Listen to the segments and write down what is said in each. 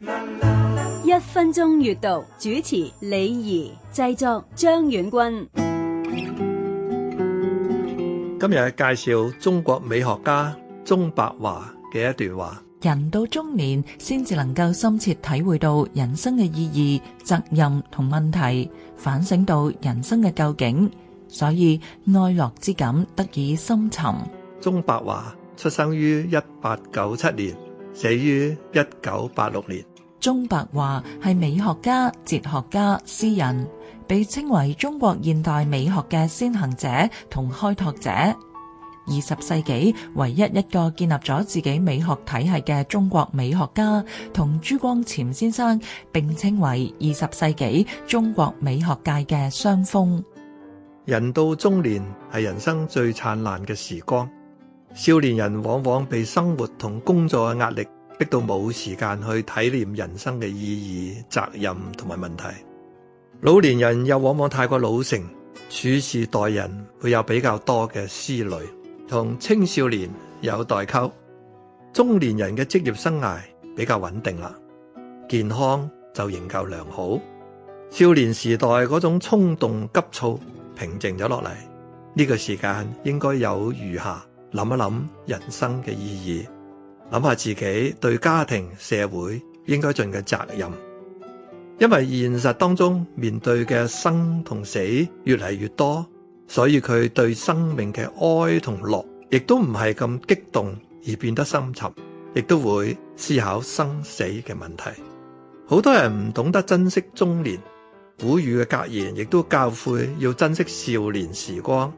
一分鐘閱讀，主持李儀製作張遠軍。 今日介紹中國美學家鍾白華嘅一段話：人到中年，先至能夠深切體會到人生嘅意義、責任同問題，反省到人生嘅究竟，所以哀樂之感得以深沉。鍾白華出生於一八九七年，死於一九八六年。宗白華係美學家、哲學家、詩人，被稱為中國現代美學嘅先行者同開拓者。二十世紀唯一一個建立咗自己美學體系嘅中國美學家，同朱光潛先生並稱為二十世紀中國美學界嘅雙峰。人到中年係人生最燦爛嘅時光，少年人往往被生活同工作嘅壓力。逼到冇時間去體驗人生嘅意義、責任同埋問題。老年人又往往太過老成，處事待人會有比較多嘅思慮，同青少年有代溝。中年人嘅職業生涯比較穩定啦，健康就仍夠良好。少年時代嗰種衝動急躁平靜咗落嚟，呢、這個時間應該有餘下諗一諗人生嘅意義。諗下自己對家庭、社會應該盡嘅責任，因為現實當中面對嘅生同死越嚟越多，所以佢對生命嘅哀同樂，亦都唔係咁激動而變得深沉，亦都會思考生死嘅問題。好多人唔懂得珍惜中年，古語嘅格言亦都教誨要珍惜少年時光，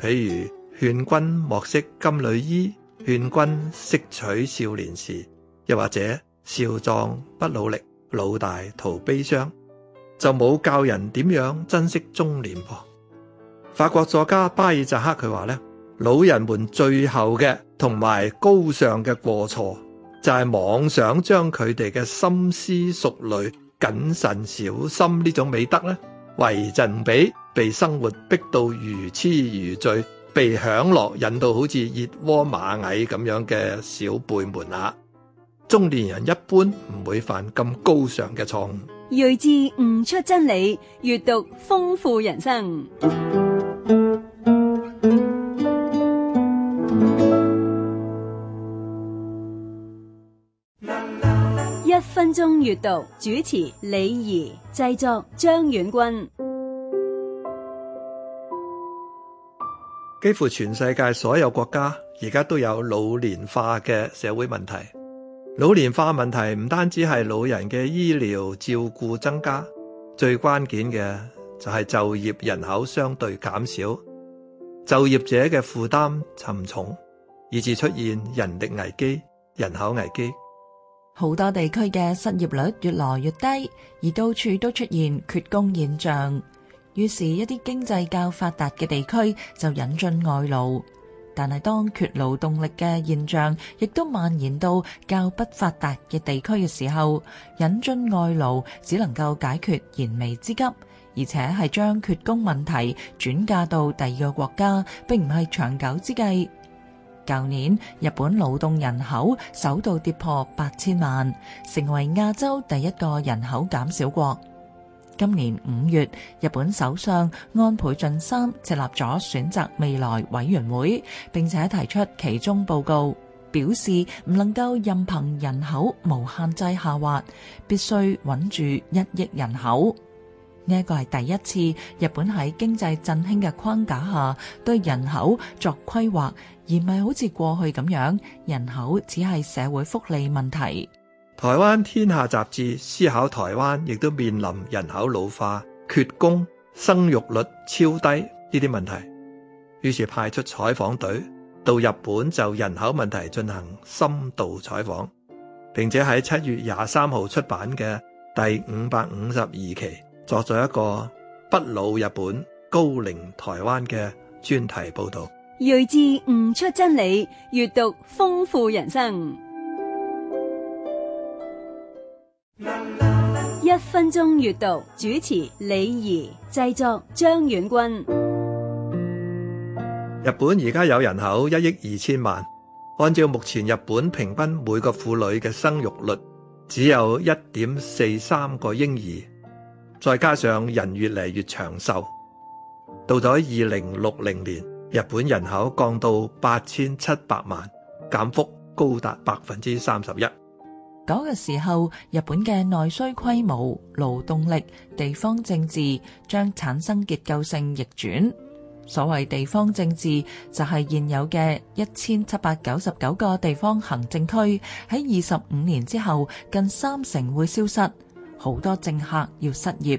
譬如勸君莫惜金縷衣。勸君惜取少年時，又或者少壯不努力，老大徒悲傷，就冇教人點樣珍惜中年噃？法國作家巴爾扎克佢話咧，老人們最後嘅同埋高尚嘅過錯，就係、是、妄想將佢哋嘅深思熟慮、謹慎小心呢種美德咧，遺贈俾被生活逼到如痴如醉。被享樂引到好似熱鍋螞蟻咁樣嘅小輩們啊！中年人一般唔會犯咁高尚嘅錯誤。睿智悟出真理，閱讀豐富人生。一分鐘閱讀，主持李儀，製作張遠軍。幾乎全世界所有國家而家都有老年化嘅社會問題。老年化問題唔單止係老人嘅醫療照顧增加，最關鍵嘅就係就業人口相對減少，就業者嘅負擔沉重，以至出現人力危機、人口危機。好多地區嘅失業率越來越低，而到處都出現缺工現象。於是，一啲經濟較發達嘅地區就引進外勞，但係當缺勞動力嘅現象亦都蔓延到較不發達嘅地區嘅時候，引進外勞只能夠解決燃眉之急，而且係將缺工問題轉嫁到第二個國家，並唔係長久之計。舊年日本勞動人口首度跌破八千萬，成為亞洲第一個人口減少國。今年五月，日本首相安倍晉三設立咗選擇未來委員會，並且提出其中報告，表示唔能夠任憑人口無限制下滑，必須穩住一億人口。呢一個係第一次日本喺經濟振興嘅框架下對人口作規劃，而唔係好似過去咁樣，人口只係社會福利問題。台灣天下雜誌思考台灣，亦都面臨人口老化、缺工、生育率超低呢啲問題，於是派出採訪隊到日本就人口問題進行深度採訪，並且喺七月廿三號出版嘅第五百五十二期，作咗一個不老日本、高齡台灣嘅專題報道。睿智悟出真理，閱讀豐富人生。一分鐘閱讀，主持李儀，製作張遠君。日本而家有人口一億二千萬，按照目前日本平均每個婦女嘅生育率，只有一點四三個嬰兒，再加上人越嚟越長壽，到咗二零六零年，日本人口降到八千七百萬，減幅高達百分之三十一。嗰個時候，日本嘅內需規模、勞動力、地方政治將產生結構性逆轉。所謂地方政治，就係現有嘅一千七百九十九個地方行政區喺二十五年之後，近三成會消失，好多政客要失業。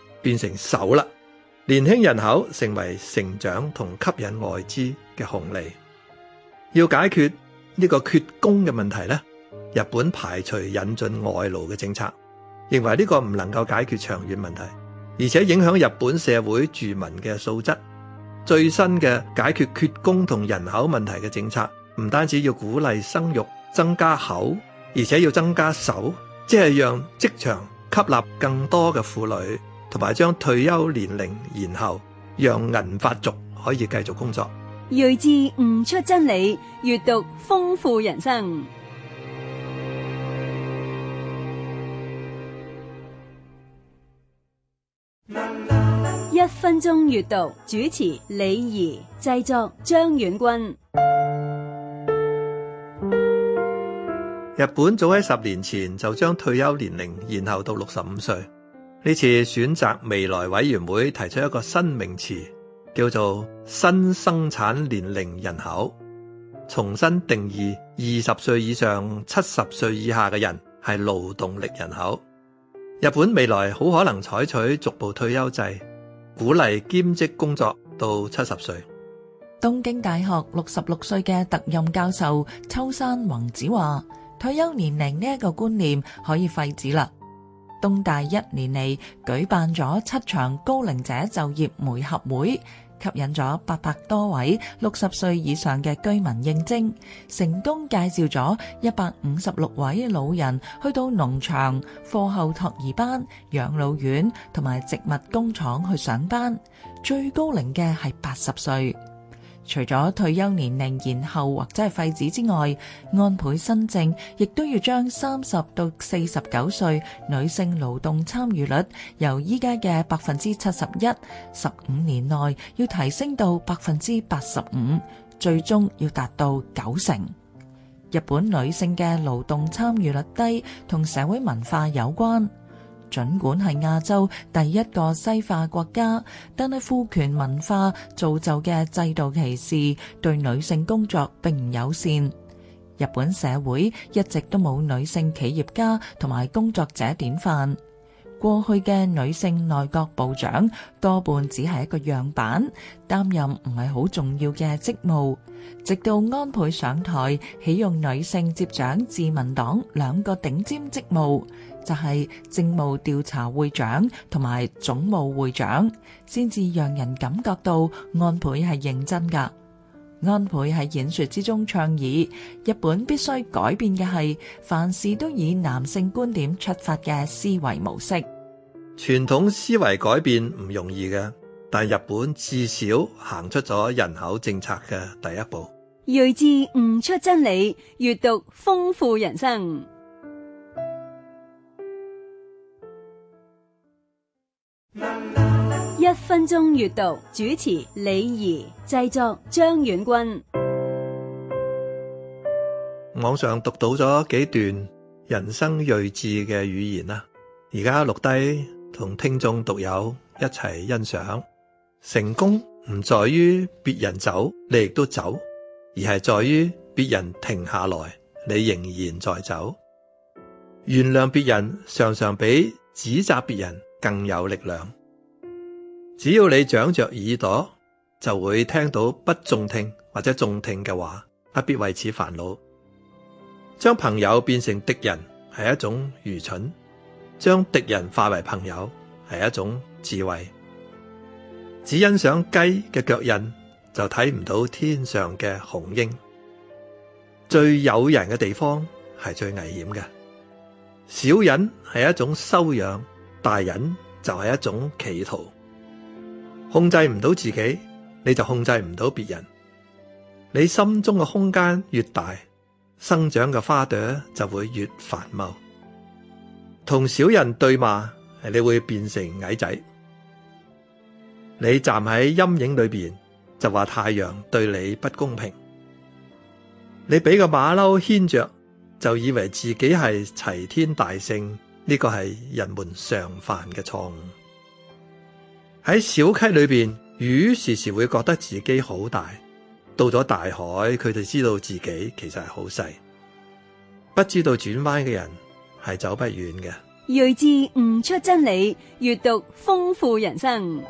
變成手啦，年輕人口成為成長同吸引外資嘅紅利。要解決呢個缺工嘅問題呢，日本排除引進外勞嘅政策，認為呢個唔能夠解決長遠問題，而且影響日本社會住民嘅素質。最新嘅解決缺工同人口問題嘅政策，唔單止要鼓勵生育增加口，而且要增加手，即係讓職場吸納更多嘅婦女。同埋將退休年齡延後，讓銀髮族可以繼續工作。睿智悟出真理，閱讀豐富人生。一分鐘閱讀，主持李儀，製作張遠軍。日本早喺十年前就將退休年齡延後到六十五歲。呢次選擇未來委員會提出一個新名詞，叫做新生產年齡人口，重新定義二十歲以上七十歲以下嘅人係勞動力人口。日本未來好可能採取逐步退休制，鼓勵兼職工作到七十歲。東京大學六十六歲嘅特任教授秋山宏子話：退休年齡呢一個觀念可以廢止啦。東大一年嚟舉辦咗七場高齡者就業媒合會，吸引咗八百多位六十歲以上嘅居民應徵，成功介紹咗一百五十六位老人去到農場、課後托兒班、養老院同埋植物工廠去上班，最高齡嘅係八十歲。除咗退休年齡延後或者係廢止之外，安倍新政亦都要將三十到四十九歲女性勞動參與率由依家嘅百分之七十一，十五年內要提升到百分之八十五，最終要達到九成。日本女性嘅勞動參與率低，同社會文化有關。盡管係亞洲第一個西化國家，但係父權文化造就嘅制度歧視，對女性工作並唔友善。日本社會一直都冇女性企業家同埋工作者典範。過去嘅女性內閣部長多半只係一個樣板，擔任唔係好重要嘅職務。直到安倍上台起用女性接掌自民黨兩個頂尖職務，就係政務調查會長同埋總務會長，先至讓人感覺到安倍係認真噶。安倍喺演說之中倡議，日本必須改變嘅係凡事都以男性觀點出發嘅思維模式。傳統思維改變唔容易嘅，但日本至少行出咗人口政策嘅第一步。睿智悟出真理，閱讀豐富人生。分鐘閱讀，主持李儀，製作張遠君。網上讀到咗幾段人生睿智嘅語言啊，而家錄低同聽眾讀友一齊欣賞。成功唔在於別人走，你亦都走，而係在於別人停下來，你仍然在走。原諒別人，常常比指責別人更有力量。只要你長着耳朵，就會聽到不中聽或者中聽嘅話，不必為此煩惱。將朋友變成敵人係一種愚蠢，將敵人化為朋友係一種智慧。只欣賞雞嘅腳印，就睇唔到天上嘅雄鷹。最誘人嘅地方係最危險嘅。小忍係一種修養，大忍就係一種企圖。控制唔到自己，你就控制唔到別人。你心中嘅空間越大，生長嘅花朵就會越繁茂。同小人對罵，係你會變成矮仔。你站喺陰影裏邊，就話太陽對你不公平。你俾個馬騮牽着，就以為自己係齊天大聖。呢個係人們常犯嘅錯誤。喺小溪裏邊，魚時時會覺得自己好大；到咗大海，佢哋知道自己其實係好細。不知道轉彎嘅人，係走不遠嘅。睿智悟出真理，閱讀豐富人生。